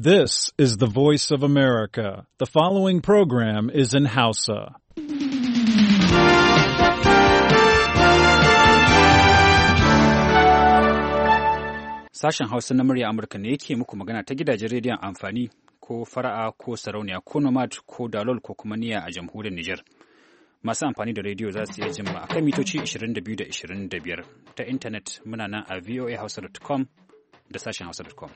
This is the voice of America. The following program is in Hausa. Sashen Hausa na murya Amurka ne yake muku magana ta gidajen rediyon amfani ko fara'a ko sarauniya ko nomad ko dalol ko kuma niya a jamhuriyar Nijar. Masu amfani da rediyo za su iya jin a kan mitoci 22 da 25 ta intanet muna nan a voahausa.com da sashen hausa.com.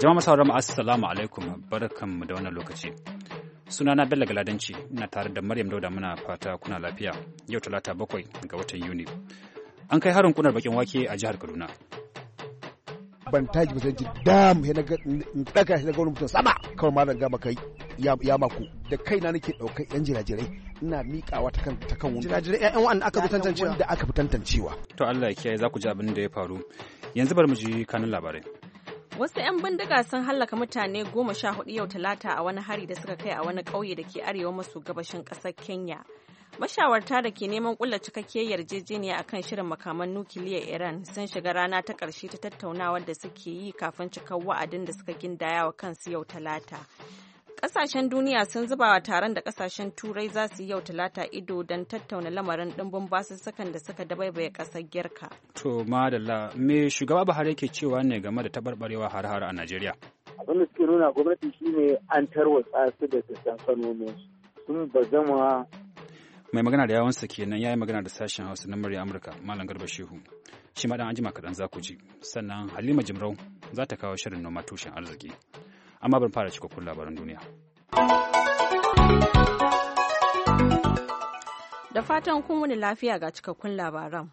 Jama'a sauran mu assalamu alaikum barkanmu da wannan lokaci. Sunana Bello Galadanci ina tare da Maryam Dauda muna fata kuna lafiya yau talata bakwai ga watan Yuni. An kai harin kunar bakin wake a jihar Kaduna. Ban taji ba sai dam he na daga shi daga mutum sama kawai ma gama maka ya mako da kaina nake daukar yan jirajirai ina miƙawa ta kan ta kan wani jirajirai yan wanda aka tantancewa da aka tantancewa. To Allah ya kiyaye za ku ji abin da ya faru. Yanzu bar mu ji kanin labarai. Wasu 'yan bindiga sun hallaka mutane goma sha hudu yau talata a wani hari da suka kai a wani ƙauye da ke arewa maso gabashin ƙasar Kenya. Mashawarta da ke neman kulla cikakkiyar yarjejeniya a kan shirin makaman nukiliyar Iran sun shiga rana ta ƙarshe ta tattaunawar da suke yi kafin cikar wa'adin da suka gindaya wa kansu yau talata. kasashen duniya sun zuba wa taron da kasashen Turai za su yi yau talata ido don tattauna lamarin dimbin basussukan da suka dabaibaye ƙasar Girka. To madalla, me shugaba Buhari yake cewa ne game da tabarbarewa har-har a Najeriya? Abin da suke nuna gwamnati shine an tarwatsa su da sassan kanonin sun ba zama mai magana da yawansa kenan ya yi magana da sashen hausa na murya amurka malam garba shehu shi ma dan anjima kaɗan za ku ji sannan halima jimrau za ta kawo shirin noma tushen arziki amma ban fara cikakkun labaran duniya. Da fatan kun wani lafiya ga cikakkun labaran.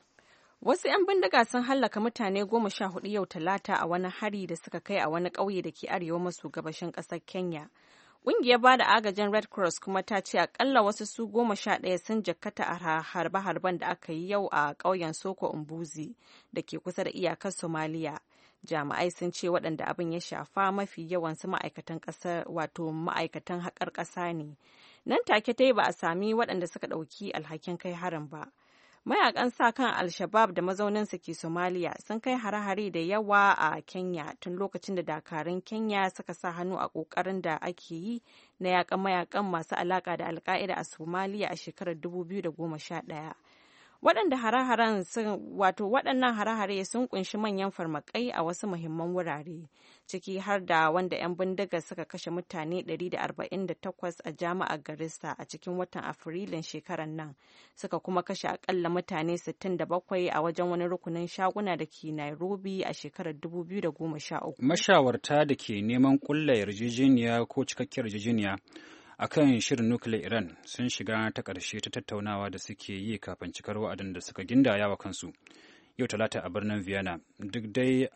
Wasu 'yan bindiga sun hallaka mutane goma sha hudu yau talata a wani hari da suka kai a wani ƙauye da ke arewa maso gabashin ƙasar Kenya. Ƙungiyar ba da agajin Red Cross kuma ta ce akalla wasu su goma sha ɗaya sun jakkata a harbe-harben da aka yi yau a ƙauyen Soko Mbuzi da ke kusa da iyakar Somaliya. jami'ai sun ce waɗanda abin ya shafa mafi yawan su ma'aikatan ƙasar wato ma'aikatan haƙar ƙasa ne nan take ta ba a sami waɗanda suka ɗauki alhakin kai harin ba mayakan sa kan al-shabab da mazauninsu ke somaliya sun kai hare-hare da yawa a kenya tun lokacin da dakarun kenya suka sa hannu a kokarin da ake yi na yakan mayakan masu alaƙa da alka'ida a somaliya a shekarar 2011 waɗanda hare-haren sun wato waɗannan hare-hare sun kunshi manyan farmakai a wasu muhimman wurare ciki har da wanda 'yan bindiga suka kashe mutane 148 a jami'ar garissa a cikin watan afrilun shekarar nan suka kuma kashe akalla mutane 67 a wajen wani rukunin shaguna da ke nairobi a shekarar 2013 mashawarta da ke neman kulla yarjejeniya ko cikakkiyar yarjejeniya a kan shirin nukiliyar Iran sun shiga ta karshe ta tattaunawa da suke yi kafin cikar wa'adin da suka gindaya wa kansu. Yau talata a birnin Vienna duk dai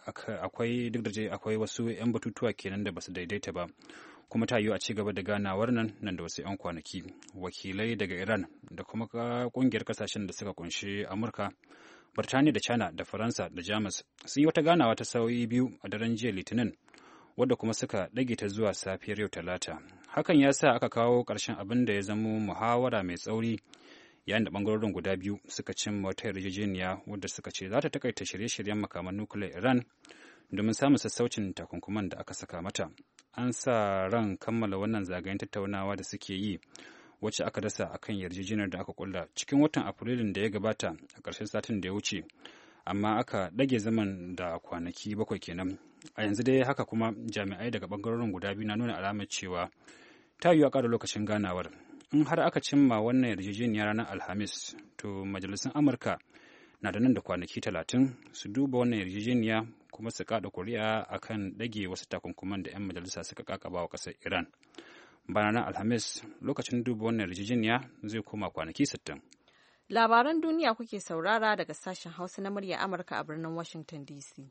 akwai duk da akwai wasu 'yan batutuwa kenan da basu daidaita ba. kuma ta yiwu a ci gaba da ganawar nan nan da wasu 'yan kwanaki wakilai daga iran da kuma kungiyar kasashen da suka kunshi amurka birtaniya da china da faransa da jamus sun yi wata ganawa ta sauyi biyu a daren jiya litinin wadda kuma suka ɗage ta zuwa safiyar yau talata hakan ya sa aka kawo ƙarshen abin da ya zama muhawara mai tsauri yayin da bangarorin guda biyu suka cimma wata yarjejeniya wadda suka ce za ta takaita shirye-shiryen makaman nukiliyar iran domin samun sassaucin takunkuman da aka saka mata an sa ran kammala wannan zagayen tattaunawa da suke yi wacce aka dasa kan yarjejeniyar da aka kulla cikin watan afrilun da ya gabata a ƙarshen satin da ya wuce amma aka ɗage zaman da kwanaki bakwai kenan a yanzu dai haka kuma jami'ai daga ɓangarorin guda biyu na nuna alamar cewa ta yiwu a ƙara lokacin ganawar in har aka cimma wannan yarjejeniyar ranar alhamis to majalisun amurka na da nan da kwanaki talatin su duba wannan yarjejeniya kuma su kaɗa kuri'a a kan ɗage wasu takunkuman da 'yan majalisa suka kakaba wa ƙasar iran bana ranar alhamis lokacin duba wannan yarjejeniya zai koma kwanaki sittin. labaran duniya kuke saurara daga sashen hausa na murya amurka a birnin washington dc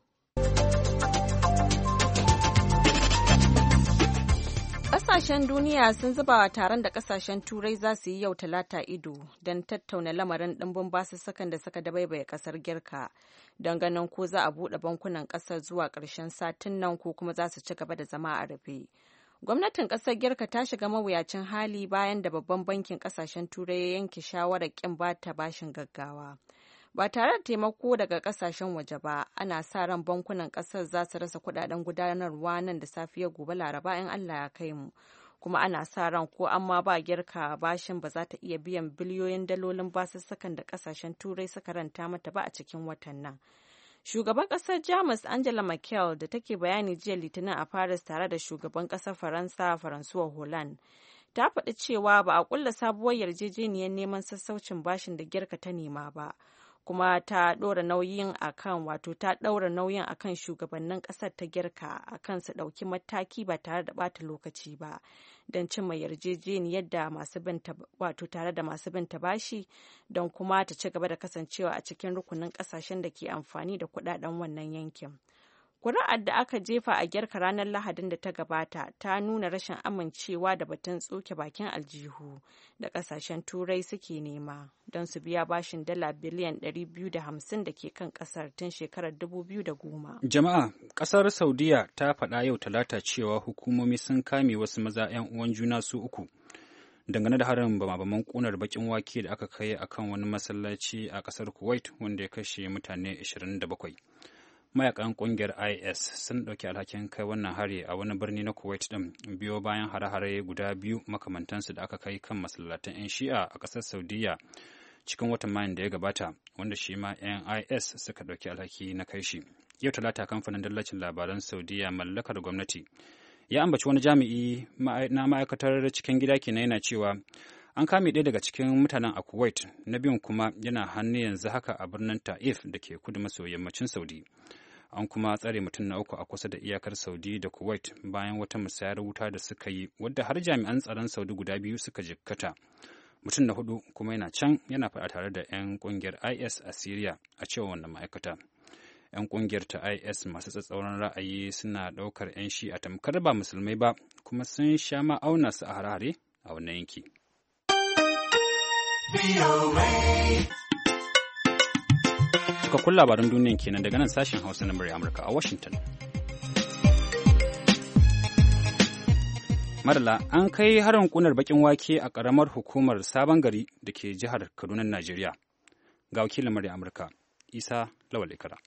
Ƙasashen duniya sun zuba taron da ƙasashen turai za su yi yau talata ido don tattauna lamarin ɗimbin basussukan da suka dabaibaye ƙasar Girka don ganin ko za a buɗe bankunan ƙasar zuwa ƙarshen satin nan ko kuma za su ci gaba da zama a rufe. Gwamnatin ƙasar Girka ta shiga mawuyacin hali bayan da babban bankin ƙasashen turai ya yanke shawarar ƙin bata bashin gaggawa. ba tare da taimako daga kasashen waje ba ana sa ran bankunan kasar za su rasa kudaden gudanarwa nan da safiya gobe laraba in allah ya kai mu kuma ana sa ran ko an ma ba girka bashin ba za ta iya biyan biliyoyin dalolin basussukan da kasashen turai suka ranta mata ba a cikin watan nan shugaban kasar jamus angela merkel da take bayani jiya litinin a paris tare da shugaban kasar faransa faransuwa holland ta faɗi cewa ba a ƙulla sabuwar yarjejeniyar neman sassaucin bashin da girka ta nema ba kuma ta ɗora nauyin akan wato ta ɗaura nauyin akan shugabannin ƙasar ta girka akan su ɗauki mataki ba tare da ɓata lokaci ba don cimma yarjejeniyar da masu binta wato tare da masu binta bashi don kuma ta ci gaba da kasancewa a cikin rukunin ƙasashen da ke amfani da kuɗaɗen wannan yankin. Kuri'ar da aka jefa a gyarka ranar Lahadin da ta gabata ta nuna rashin amincewa da batun tsoke bakin aljihu da kasashen turai suke nema don su biya bashin dala biliyan 250 da ke kan kasar tun shekarar 2010. Jama'a, kasar Saudiya ta faɗa yau talata cewa hukumomi sun kame wasu maza 'yan uwan juna su uku. dangane da harin bamabaman kunar bakin wake da aka kai akan wani masallaci a kasar kuwait wanda ya kashe mutane 27 mayakan kungiyar is sun ɗauki alhakin kai wannan hari a wani birni na kuwait ɗin biyo bayan hare-hare guda biyu makamantansu da aka kai kan masallatan 'yan shi'a a ƙasar saudiya cikin watan mayun da ya gabata wanda shi ma 'yan is suka ɗauki alhaki na kai shi yau talata kamfanin dallacin labaran saudiya mallakar gwamnati ya ambaci wani jami'i na ma'aikatar cikin gida kenan yana cewa an kame ɗaya daga cikin mutanen a kuwait na biyun kuma yana hannu yanzu haka a birnin ta'if da ke kudu maso yammacin saudi an kuma tsare mutum na uku a kusa da iyakar saudi da kuwait bayan wata musayar wuta da suka yi wadda har jami'an tsaron saudi guda biyu suka jikkata mutum na hudu kuma yana can yana faɗa tare da 'yan kungiyar is a syria a cewa wannan ma'aikata 'yan kungiyar ta is masu tsatsauran ra'ayi suna ɗaukar 'yan shi a tamkar ba musulmai ba kuma sun sha ma auna su a hare a wannan yanki. Cikakkun labaran duniyan kenan daga nan sashen Hausa na murya Amurka a Washington. Marla, an kai harin kunar bakin wake a ƙaramar hukumar Sabon Gari da ke jihar Kaduna, Najeriya. Ga wakilin murya Amurka, Isa Lawal Ikara.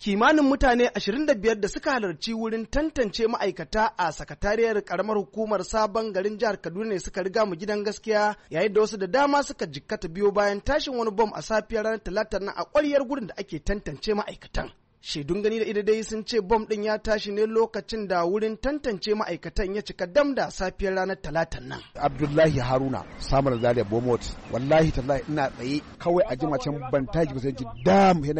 kimanin mutane 25 da suka halarci wurin tantance ma'aikata a sakatariyar karamar hukumar sabon garin jihar kaduna ne suka riga mu gidan gaskiya yayin da wasu da dama suka jikkata biyo bayan tashin wani bom a safiyar ranar talatar nan a kwaryar gudun da ake tantance ma'aikatan shaidun gani da dai sun ce bom ɗin ya tashi ne lokacin da wurin tantance ma'aikatan ya cika dam da safiyar ranar talatan nan abdullahi haruna samun zaria bomot wallahi tallahi ina tsaye kawai a jima can ban tashi ba sai ji dam na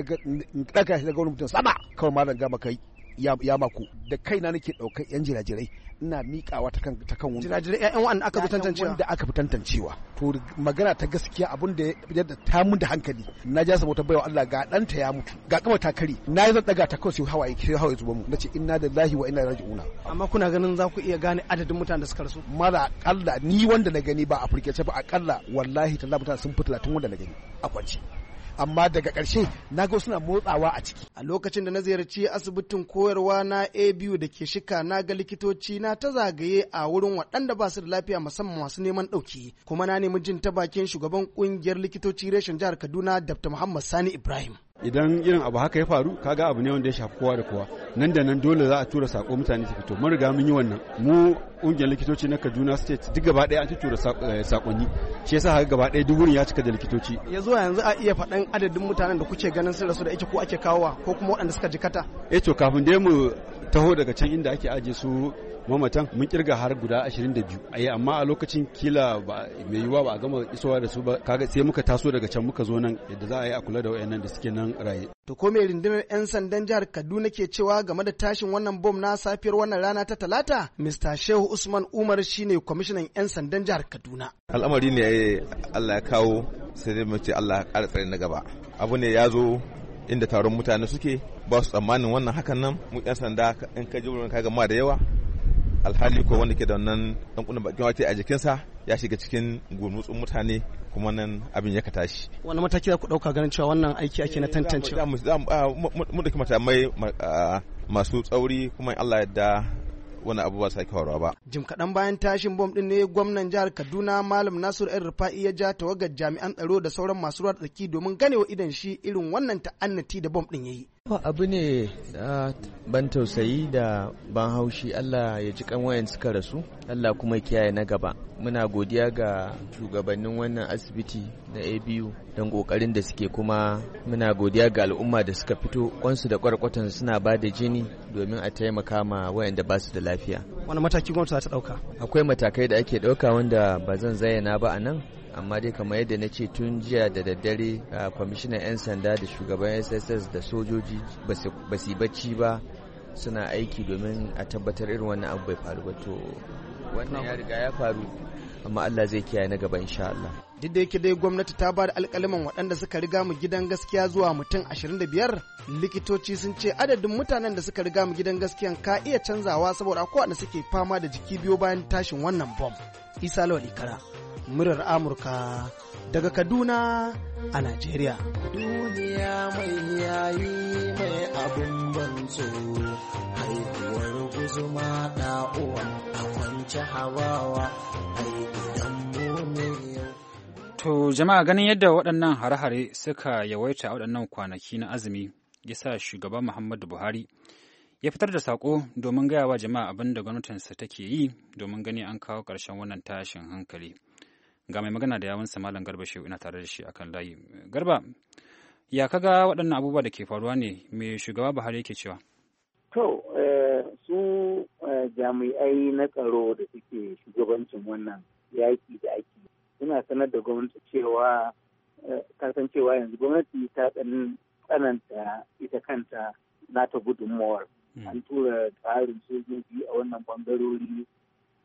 daga wani mutum sama kawai malam gama kai ya maku da kaina nake daukar yan jirajirai ina mikawa ta kan ta kan wani jirajirai yan wanda aka fi tantancewa da aka fi tantancewa to magana ta gaskiya abin da yadda ta mun da hankali na ja saboda baiwa Allah ga danta ya mutu ga kamar ta kare na yi zan daga ta kawai sai hawaye sai hawaye zuwa mu nace inna lillahi wa inna ilaihi raji'una amma kuna ganin za ku iya gane adadin mutanen da suka rasu mara akalla ni wanda na gani ba a ce ba akalla wallahi tallahi mutane sun fi 30 wanda na gani a kwance amma daga karshe na ga suna motsawa a ciki a lokacin da na ziyarci asibitin koyarwa na a abu da ke shika na ga likitoci na ta zagaye a wurin waɗanda ba su da lafiya musamman masu neman ɗauki kuma na nemi jin ta bakin shugaban ƙungiyar likitoci reshen jihar kaduna dr muhammad sani ibrahim idan irin abu haka ya faru kaga abu ne wanda ya shafi kowa da kowa nan da nan dole za a tura sako mutane su fito mun riga mun yi wannan mu ƙungiyar likitoci na Kaduna State duk gaba ɗaya an tura sakonni eh, shi yasa haka gaba ɗaya duk wurin ya cika da likitoci ya zuwa yanzu a iya faɗan adadin mutanen da kuke ganin sun rasu da ita ko ake kawowa ko kuma waɗanda suka jikata eh to kafin dai mu taho daga can inda ake aje su mamatan mun kirga har guda 22 ai amma a lokacin kila ba mai yiwa ba a gama isowa da su ba kaga sai muka taso daga can muka zo nan yadda za a yi a kula da wayannan da suke nan raye to ko mai rindimin yan sandan jihar Kaduna ke cewa game da tashin wannan bom na safiyar wannan rana ta Talata Mr Shehu Usman Umar shine kwamishinan yan sandan jihar Kaduna al'amari ne Allah ya kawo sai dai mu ce Allah ya ƙara tsare na gaba abu ne ya zo inda taron mutane suke ba su tsammanin wannan hakan nan mu yan sanda in ka ji wurin kaga ma da yawa alhali ko wanda ke da wannan dan kunan bakin wake a jikinsa ya shiga cikin gurmutsun mutane kuma nan abin ya ka tashi wani mataki za ku dauka ganin cewa wannan aiki ake na eh, tantance mu da matamai masu tsauri kuma Allah yadda wani abu ba sake faruwa ba. Jim kadan bayan tashin bom din ne gwamnan jihar Kaduna Malam Nasiru ‘yan Rufa'i ya ja tawagar jami'an tsaro da sauran masu ruwa tsaki domin ganewa idan shi irin wannan ta'annati da bom din yayi. abu ne ban tausayi da ban haushi Allah ya ji kan suka rasu Allah kuma kiyaye na gaba muna godiya ga shugabannin wannan asibiti na abu don kokarin da suke kuma muna godiya ga al'umma da suka fito kwansu da kwarkwatan suna ba da jini domin a taimaka ma wayanda ba su da lafiya wani mataki gwamnati ta dauka akwai matakai da ake dauka wanda ba zan zayyana ba a nan amma dai kamar yadda na ce tun jiya da daddare a kwamishinan 'yan sanda da shugaban sss da sojoji ba su bacci ba suna aiki domin a tabbatar irin wannan abu bai faru ba to wannan ya riga ya faru amma Allah zai kiyaye na gaba insha Allah duk da yake dai gwamnati ta ba da alkaliman waɗanda suka riga mu gidan gaskiya zuwa mutum 25 likitoci sun ce adadin mutanen da suka riga mu gidan gaskiyan ka iya canzawa saboda akwai waɗanda suke fama da jiki biyo bayan tashin wannan bom isa lawal ikara murar Amurka daga Kaduna a Najeriya. Duniya mai yayi mai abin banzo, haihuwar guzuma da uwa a kwanci hawawa, To jama'a ganin yadda waɗannan hare-hare suka yawaita waɗannan kwanaki na azumi ya sa shugaban Muhammadu Buhari ya fitar da saƙo domin gaya wa jama'a abin da gwamnatinsa take yi domin gani an kawo ƙarshen wannan tashin hankali. ga mai magana da yawansa malam garba shehu ina tare da shi akan layi garba ya kaga waɗannan abubuwa da ke faruwa ne mai shugaba buhari yake cewa to eh, su eh, jami'ai na tsaro da suke shugabancin wannan yaƙi da ake suna sanar da gwamnati cewa eh, kasancewa yanzu gwamnati ta tsananta ita kanta nata gudunmawar hmm. an tura tsarin sojoji a wannan bangarori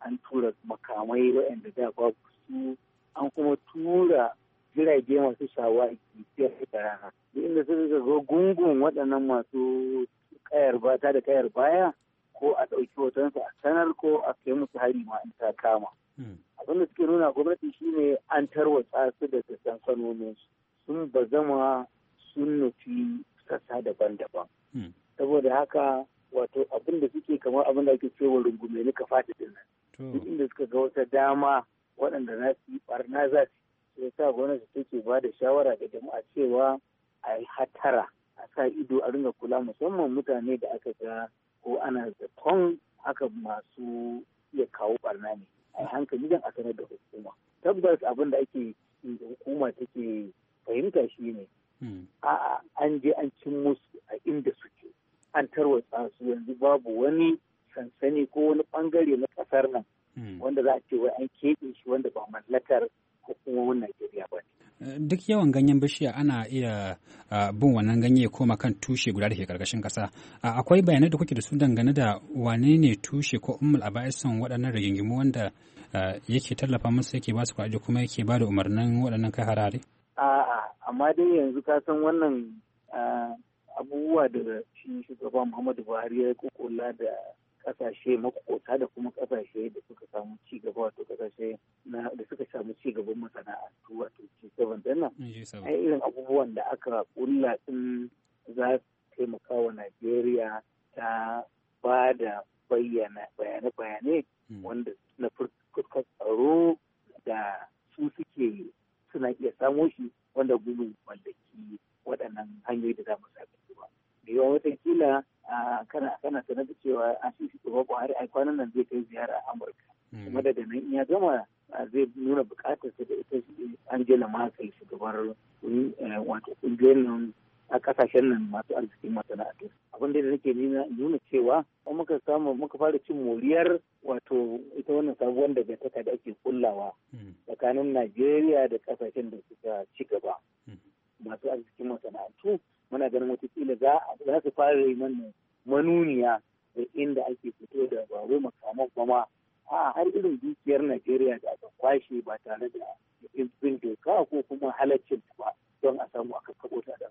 an tura makamai waɗanda da babu su an kuma tura jirage masu shawaki biyar da rana duk inda suka ga gungun waɗannan masu kayar bata da kayar baya ko a ɗauki hotonsa a sanar ko a kai musu hari ma in ta kama hmm. abin da suke nuna gwamnati shine an tarwatsa su da sansanonin sun ba zama. sun nufi sassa daban-daban hmm. saboda haka wato abin da suke kamar abin da ake cewa rungume ni ka fata din duk inda suka ga wata dama waɗanda na fi ɓarna barna za su sai sa gwamnati take ba da shawara da jama'a cewa a yi hatara a sa ido a ringa kula musamman mutane da aka ga ko ana zaton haka masu iya kawo barna ne a hankali don a sanar da hukuma tabbas abin da ake da hukuma take fahimta shi ne hmm. a'a an je an cin musu a inda suke an tarwatsa su yanzu babu wani sansani ko wani bangare na kasar nan Hmm. wanda za a ce wai an keɓe shi wanda ba mallakar hukumomin Najeriya ba eh, Duk yawan ganyen bishiya ana iya bin wannan ganye koma kan tushe guda da ke karkashin kasa. Akwai bayanai da kuke da su dangane da wane ne tushe ko ummul aba'isan waɗannan rigingimu wanda yake tallafa musu yake ba su kwaji kuma yake ba da umarnin waɗannan kai harare? A'a, amma dai yanzu ka san wannan abubuwa da shi shugaba Muhammadu Buhari ya yi kokola da kasashe makota da kuma kasashe da suka samu ci wato kasashe da suka samu ci gaban masana'antu wato G7 din ai irin abubuwan da aka kulla din za su taimaka wa Najeriya ta ba da bayane-bayane hmm. wanda na fuskar tsaro da su suke suna iya samo shi wanda gudu mallaki waɗannan hanyoyi da za mu sami. yiwa watakila kana kana sanar da cewa a shi buhari a kwanan nan zai kai ziyara a amurka hmm. kuma daga nan in ya gama zai nuna bukatar da ita angela merkel shugabar eh, wato kungiyar nan a kasashen nan masu arzikin masana'antu abin da nake nuna cewa kuma muka samu muka fara cin moriyar wato ita wannan sabuwar daga taka da ake kullawa hmm. tsakanin najeriya da kasashen da suka ci gaba hmm. masu arzikin masana'antu muna ganin watakila za a su fara yi mana manuniya da inda ake fito da babu wai kuma a har irin dukiyar najeriya da aka kwashe ba tare da bin doka ko kuma halaccin ba don a samu aka kabo ta da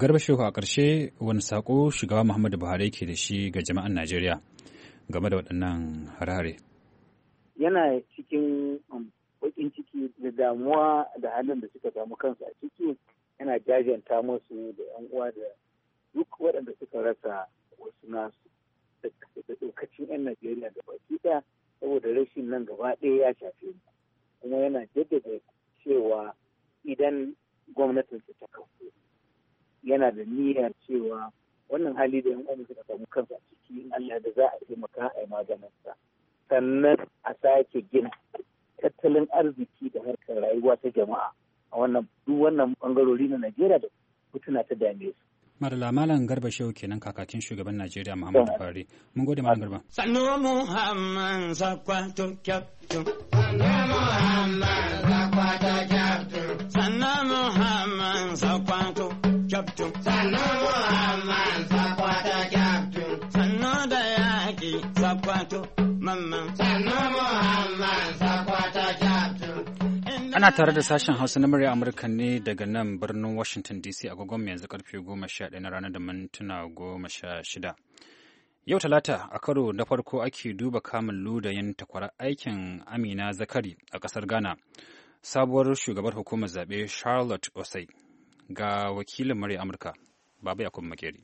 garba shehu a ƙarshe wani sako shugaba muhammadu buhari ke da shi ga jama'an najeriya game da waɗannan harare yana cikin um, baƙin ciki da damuwa da halin da suka samu kansu a ciki yana jajanta masu da yan uwa da duk waɗanda suka rasa wasu nasu da ɗaukacin 'yan Najeriya da baki ɗaya saboda rashin nan gaba ɗaya ya shafe mu kuma yana jaddada cewa idan gwamnatinsa ta kafu yana da niyyar cewa wannan hali da yan uwan suka samu kansa ciki in Allah da za a taimaka a yi sa sannan a sake gina tattalin arziki da harkar rayuwa ta jama'a a wannan duk wannan bangarori na Najeriya da fituna ta dame su. Madala Malam Garba Shehu kenan kakakin shugaban Najeriya Muhammadu Buhari. Mun gode Malam Garba. Sanu Muhammad Zakwato Kyaftu. Sanu Muhammad Zakwato Kyaftu. Sanu Muhammad Zakwato Kyaftu. Sanu Muhammad Zakwato Kyaftu. Sanu da yaki Zakwato Mamman. Sanu Muhammad Zakwato Ana tare da sashen Hausa na murya Amurka ne daga nan birnin Washington DC agogon yanzu karfe 11 na ranar da mintuna 16. Yau Talata a karo na farko ake duba kamun ludayin takwara aikin Amina Zakari a ƙasar Ghana. Sabuwar shugabar hukumar zaɓe Charlotte Osei ga wakilin murya Amurka, babu Yakubu Makeri.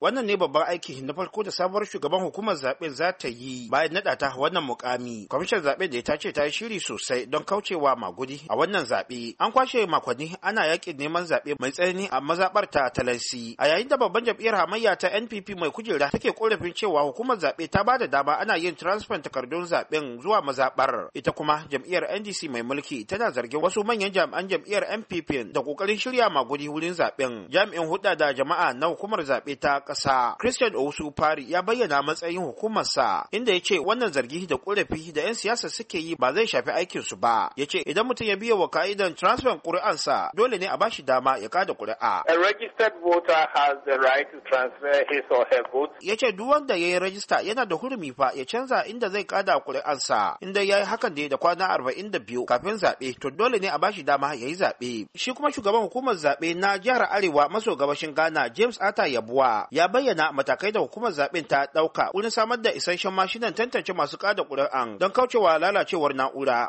Wannan ne babban aiki na farko da sabuwar shugaban hukumar zaɓen za ta yi bayan naɗa ta wannan mukami. Kwamishin zaɓe da ta ce ta yi shiri sosai don kaucewa magudi a wannan zaɓe. An kwashe makonni ana yaƙin neman zaɓe mai tsanani a mazaɓar ta Talansi. A yayin da babban jam'iyyar hamayya ta NPP mai kujera take korafin cewa hukumar zaɓe ta ba da dama ana yin transfer takardun zaɓen zuwa mazaɓar. Ita kuma jam'iyyar NDC mai mulki tana zargin wasu manyan jami'an jam'iyyar NPP da ƙoƙarin shirya magudi wurin zaɓen. Jami'in hudda da jama'a na hukumar zaɓe ta ƙasa christian owusu pari ya bayyana matsayin hukumar sa, inda ya ce wannan zargi da ƙorafi da 'yan siyasa suke yi ba zai shafi aikinsu ba ya ce idan mutum ya biya wa ka'idan transfer ƙuri'ansa dole ne a bashi dama ya kada ƙuri'a a registered voter has the right to transfer his or her vote ya ce duk wanda ya yi rajista yana da hurumi fa ya canza inda zai kada ƙuri'ansa inda ya yi hakan da kwana arba'in da biyu kafin zaɓe to dole ne a ba shi dama ya yi zaɓe shi kuma shugaban hukumar zaɓe na jihar arewa maso gabashin ghana james ata yabuwa ya ya bayyana matakai da hukumar zaɓen ta ɗauka, wurin samar da isasshen mashinan tantance masu kada ƙuri'an don kaucewa lalacewar na'ura.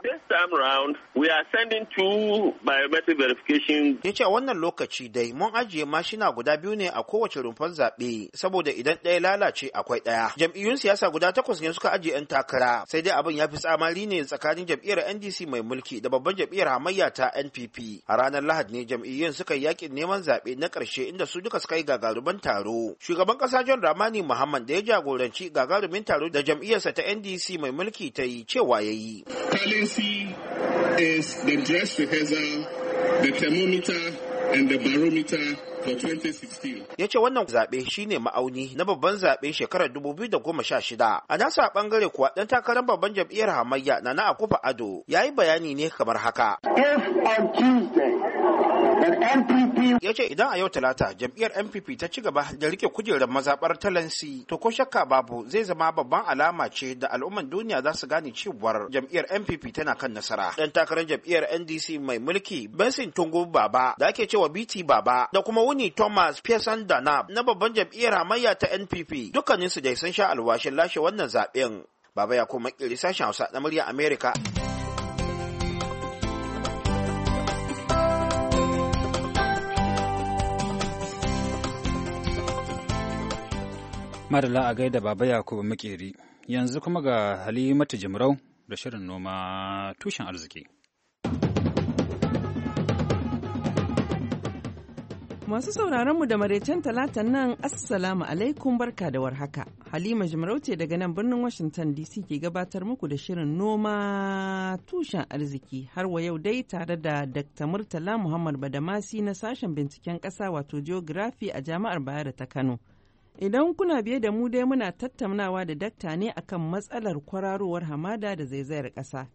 round Ya ce wannan lokaci dai mun ajiye mashina guda biyu ne a kowace rumfar zaɓe saboda idan ɗaya lalace akwai ɗaya. Jam'iyyun siyasa guda takwas ne suka ajiye 'yan takara sai dai abin ya fi tsamari ne tsakanin jam'iyyar NDC mai mulki da babban jam'iyyar hamayya ta NPP. A ranar Lahadi ne jam'iyyun suka yi yakin neman zaɓe na ƙarshe inda su duka suka yi gagarumin taro. shugaban kasa john ramani muhammad da ya jagoranci gagarumin taro da jam'iyyarsa ta ndc mai mulki ta yi cewa ya yi ya ce wannan zaɓe shine ma'auni na babban zaɓe shekarar 2016 a nasa ɓangare kuwa ɗan takarar babban jam'iyyar hamayya na na akufa ado ya yi bayani ne kamar haka ya ce idan a yau talata jam'iyyar npp ta ci gaba da rike kujerar mazaɓar talansi to ko shakka babu zai zama babban alama ce da al'umman duniya za su gane cewar jam'iyyar npp tana kan nasara dan takarar jam'iyyar ndc mai mulki benson tungu baba da ake cewa bt baba da kuma wuni thomas pearson danab na babban jam'iyyar hamayya ta npp dukkaninsu dai sun sha alwashin lashe wannan zaɓen baba ya kuma ƙiri sashen hausa na murya Amerika. Madalla a gaida Baba Yakubu Makeri. Yanzu kuma ga Halimatu Jimrau da shirin noma tushen arziki. Masu sauraronmu da maraicen talatan nan Assalamu alaikum barka da warhaka. Halima ce daga nan birnin Washington DC ke gabatar muku da shirin noma tushen arziki har wa yau dai tare da Dr. Murtala Muhammad Badamasi na sashen binciken ƙasa wato geography a Jami'ar Bayero ta Kano. Idan kuna biye da mu dai muna tattaunawa da dakta ne akan matsalar kwararowar hamada da zaizayar ƙasa.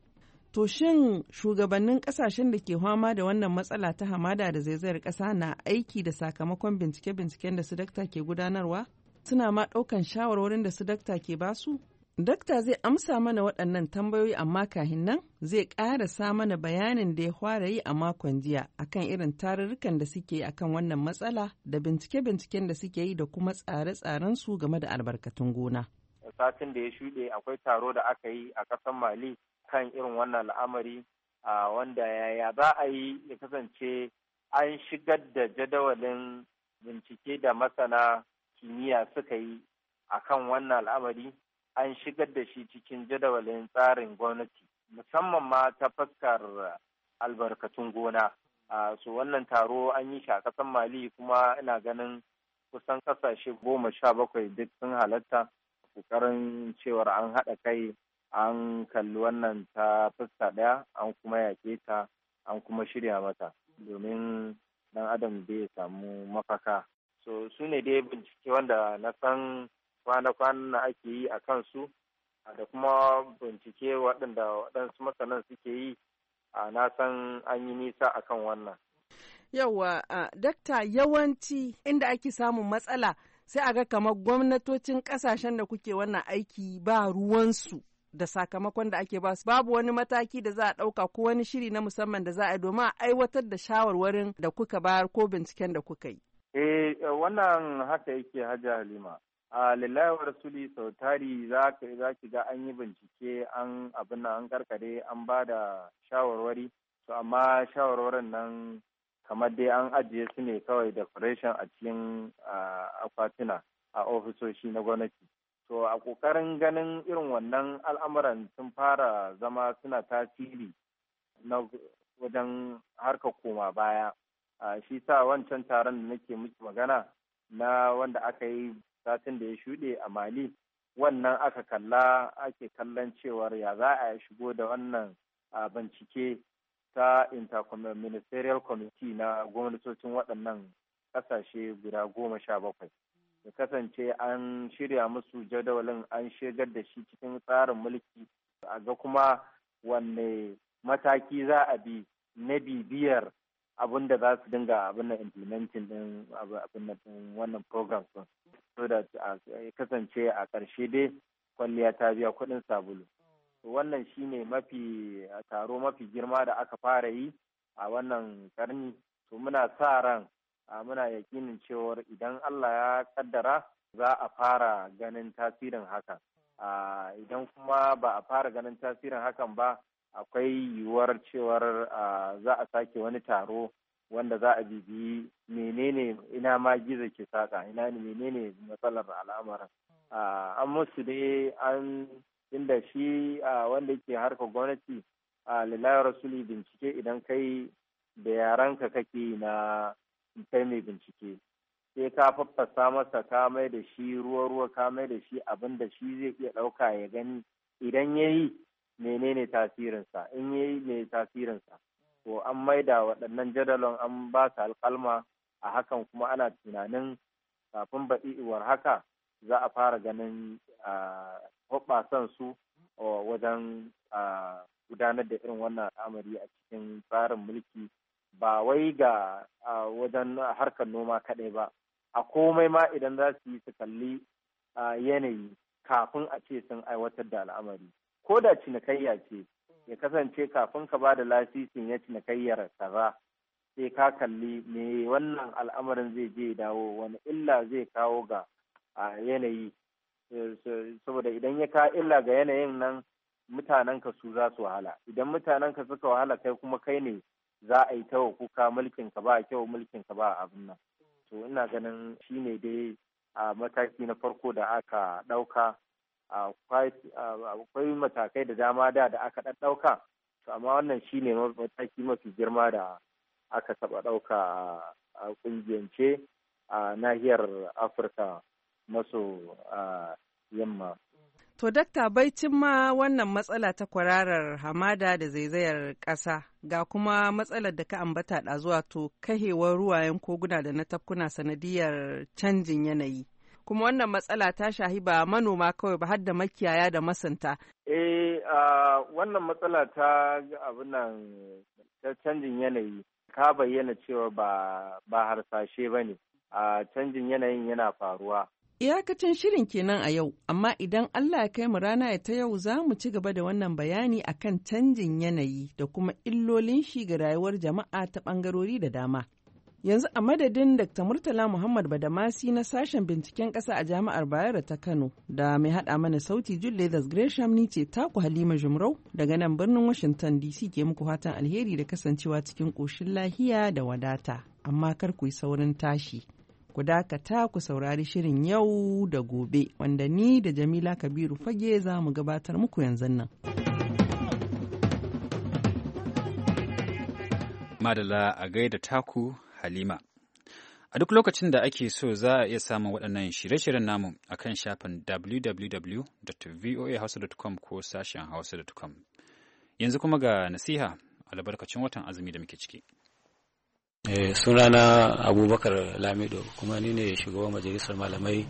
To shin shugabannin ƙasashen da ke fama da wannan matsala ta hamada da zaizayar ƙasa na aiki da sakamakon bincike-binciken da su dakta ke gudanarwa? Suna ma ɗaukan shawarwarin da su dakta ke basu? Dakta zai amsa mana waɗannan tambayoyi amma kahin nan zai ƙarasa mana bayanin da ya fara yi a makon jiya akan irin tarurrukan da suke yi akan wannan matsala da bincike-binciken da suke yi da kuma tsare-tsaren su game da albarkatun gona. Satin da ya shuɗe akwai taro da aka yi a ƙasar Mali kan irin wannan al'amari wanda yaya za a yi ya kasance an shigar da jadawalin bincike da masana kimiyya suka yi akan wannan al'amari an shigar da shi cikin jadawalin tsarin gwamnati musamman ma ta fuskar albarkatun gona so wannan taro an yi shi a ƙasar mali kuma ina ganin kusan ƙasashe goma sha bakwai duk sun halatta ƙoƙarin cewar an haɗa kai an kalli wannan ta fuska ɗaya an kuma yaƙe ta an kuma shirya mata domin ɗan adam bai samu mafaka so su ne dai bincike wanda na san kwana-kwanan da ake yi a kansu da kuma bincike waɗanda waɗansu masanan suke yi a nasan san an yi nisa a kan wannan. Yawwa, dakta yawanci inda ake samun matsala sai a ga kamar gwamnatocin ƙasashen da kuke wannan aiki ba ruwansu. da sakamakon da ake basu babu wani mataki da za a ɗauka ko wani shiri na musamman da za a yi domin a aiwatar da shawarwarin da kuka bayar ko binciken da kuka yi. Eh wannan haka yake Hajji Halima. a lillahi wa rasuli sau tari za ki ga an yi bincike an abin nan an karkare an ba da shawarwari to amma shawarwarin nan kamar dai an ajiye su ne kawai da decoration a cikin akwatuna a ofisoshi na gwamnati to a ƙoƙarin ganin irin wannan al'amuran sun fara zama suna tasiri na wajen harkar koma baya shi sa wancan taron da nake miki magana na wanda aka yi satin da ya shuɗe a mali wannan aka kalla ake kallon cewar ya za a shigo da wannan bincike ta ministerial committee na gwamnatocin waɗannan ƙasashe guda goma sha bakwai ya kasance an shirya musu jadawalin an shigar da shi cikin tsarin mulki a ga kuma wanne mataki za a bi na bibiyar abun da za su dinga abin nan implementing din abin nan din wannan program sun so da ya kasance a ƙarshe dai kwalliya ta biya kuɗin sabulu wannan shine mafi taro mafi girma da aka fara yi a wannan karni to muna sa ran muna yakinin cewar idan Allah ya kaddara za a fara ganin tasirin hakan idan kuma ba a fara ganin tasirin hakan ba akwai yiwuwar cewar za a sake wani taro wanda za a bibiyi menene ina ma gizo ke saka ina ne menene matsalar alamar? an musu ne, an inda shi wanda ke harka gwamnati lillahi rasuli bincike idan kai da yaranka kake na kai mai bincike sai ka faffasa masa ka mai da shi ruwa ruwa ka mai da shi abin da shi zai iya ɗauka ya gani idan ya yi menene tasirinsa in yi ne tasirinsa to an maida waɗannan jadalon an ba su alƙalma a hakan kuma ana tunanin kafin baɗi iwar haka za a fara ganin hoɓɓasan su wajen gudanar da irin wannan al'amari a cikin tsarin mulki ba wai ga wajen harkar noma kaɗai ba a komai ma idan za su yi su kalli yanayi kafin a ce sun aiwatar da al'amari ko da cinikayya ce ya kasance kafin ka ba da lasisin ya cinikayyar kaza sai ka kalli me wannan al'amarin zai je dawo wani illa zai kawo ga yanayi saboda idan ya ka illa ga yanayin nan mutanen ka su za su wahala idan mutanen ka suka wahala kai kuma kai ne za a yi ta kuka mulkin ka ba kyau mulkin ka ba abin nan to ina ganin shine dai a mataki na farko da aka ɗauka akwai matakai da dama da da aka ɗauka to amma wannan shi ne mataki mafi girma da aka taɓa ɗauka a ƙungiyance a nahiyar afirka maso yamma To, dakta baicin ma wannan matsala ta kwararar hamada da zaizayar ƙasa ga kuma matsalar da ka ambata ɗazuwa to kahewar ruwayen koguna da na tafkuna sanadiyar canjin yanayi. kuma wannan matsala ta shahi ba manoma kawai ba hadda makiyaya da masanta. Eh, wannan matsala ta abin nan ta canjin yanayi ka bayyana cewa ba ba harsashe ba ne. A canjin yanayin yana faruwa. Iyakacin shirin kenan a yau, amma idan Allah ya kai mu rana ta yau za mu ci gaba da wannan bayani akan canjin yanayi da kuma illolin shi ga rayuwar jama'a ta ɓangarori da dama. Yanzu a madadin Dr. Murtala Muhammad Badamasi na sashen binciken ƙasa a Jami'ar Bayero ta Kano da mai haɗa mana sauti Julius Gresham ni ce taku Halima Jumrau daga nan birnin Washington DC ke muku fatan alheri da kasancewa cikin ƙoshin lahiya da wadata. Amma kar ku yi saurin tashi. Ku dakata ku saurari shirin yau da gobe wanda ni da Jamila Kabiru Fage za mu gabatar muku yanzu nan. Madala a gaida taku Halima. A duk lokacin da ake so za a iya samun waɗannan shirye-shiryen namu a kan shafin www.voahausa.com ko sashen hausa.com. Yanzu kuma ga nasiha albarkacin watan azumi da muke ciki. Eh, sunana Abubakar Lamido kuma ni ne shugaban majalisar malamai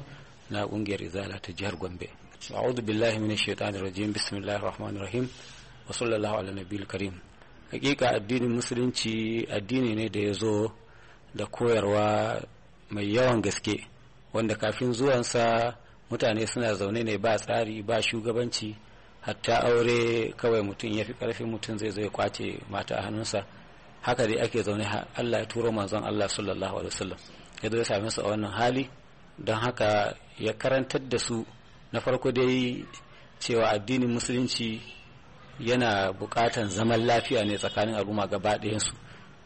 na ƙungiyar Izala ta jihar Gombe. A'udhu billahi minash shaitanir rajim. Bismillahir rahmanir rahim. Wa sallallahu ala nabiyil karim. Hakika addinin musulunci addini ne da ya zo da koyarwa mai yawan gaske wanda kafin zuwansa mutane suna zaune ne ba tsari ba shugabanci hatta aure kawai mutum ya fi karfin mutum zai zai kwace mata a hannunsa haka dai ake zaune Allah ya turo manzon Allah sallallahu alaihi wasallam ya zo ya same su a wannan hali don haka ya karantar da su na farko dai cewa addinin musulunci yana buƙatan zaman lafiya ne tsakanin al'umma gaba ɗayansu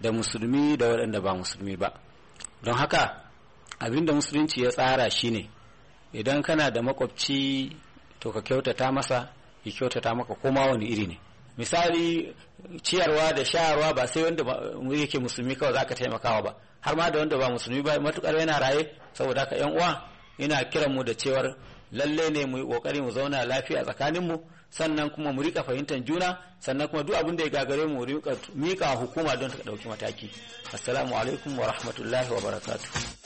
da musulmi da waɗanda ba musulmi ba don haka abin da musulunci ya tsara shine idan kana da makwabci to ka kyautata masa ya kyautata maka koma wani iri ne misali ciyarwa da shayarwa ba sai wanda yake musulmi kawai za ka taimakawa ba har ma da wanda ba musulmi ba matukar yana raye saboda haka yan uwa yana kiran mu da cewar lalle ne mu yi kokari mu zauna lafiya tsakanin mu sannan kuma mu rika fahimtar juna sannan kuma duk abin da ya gagare mu rika mika hukuma don ta dauki mataki assalamu alaikum wa rahmatullahi wa barakatuh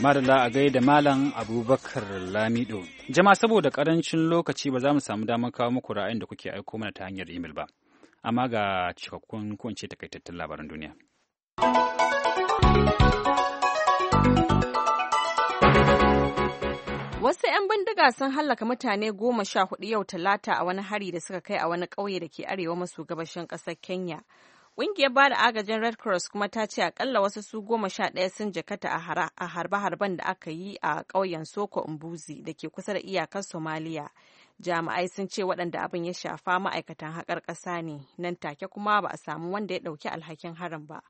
Madalla a gaida Malam Abubakar Lamido. Jama saboda karancin lokaci ba za mu samu damar kawo muku ra'ayin da kuke aiko mana ta hanyar imel ba. Amma ga cikakkun kunce takaitattun labaran duniya. Wasu 'yan bindiga sun hallaka mutane goma sha hudu yau talata a wani hari da suka kai a wani ƙauye da ke arewa maso gabashin ƙasar Kenya. Ƙungiyar ba da agajin Red Cross kuma ta ce akalla wasu su goma sha ɗaya sun jakata a harbe-harben da aka yi a ƙauyen Soko Mbuzi da ke kusa da iyakar Somalia. Jami'ai sun ce waɗanda abin ya shafa ma'aikatan haƙar ƙasa ne, nan take kuma ba a samu wanda ya ɗauki alhakin harin ba.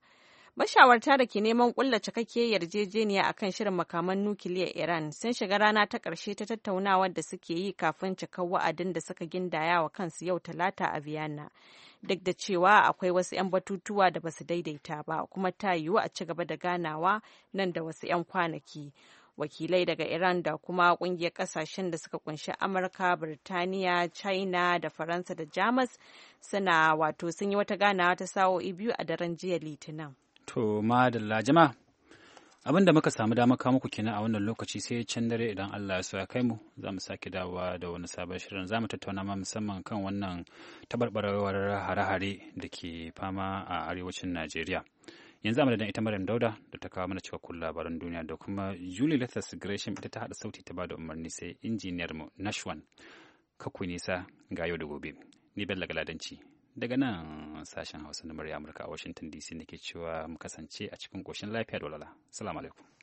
Mashawarta da ke neman ƙulla cikakke yarjejeniya a kan shirin makaman nukiliyar Iran sun shiga rana ta ƙarshe ta tattaunawar da suke yi kafin cikar wa'adin da suka gindaya wa kansu yau talata a Vienna. Duk da cewa akwai wasu 'yan batutuwa da basu daidaita ba kuma ta yiwu a ci gaba da ganawa nan da wasu 'yan kwanaki. wakilai daga Iran da kuma kungiyar kasashen da suka kunshi Amurka, Birtaniya, China da Faransa da Jamus suna wato sun yi wata ganawa ta sa'o'i biyu a daren jiya Litinin. To madalla jama'a abin da muka samu dama kawo muku kenan a wannan lokaci sai can dare idan Allah ya so ya kai mu za mu sake dawowa da wani sabon shirin za mu tattauna ma musamman kan wannan tabarbarawar hare-hare da ke fama a arewacin Najeriya. Yanzu a madadin ita Maryam Dauda da ta kawo mana cikakkun labaran duniya da kuma Julie Lathas Gresham ita ta haɗa sauti ta ba da umarni sai injiniyar mu Nashwan. Kakku nisa ga yau da gobe. Ni Bello Galadanci. daga nan sashen hausa na murya amurka a washington dc nake cewa mu kasance a cikin koshin lafiya da walala salamu alaikum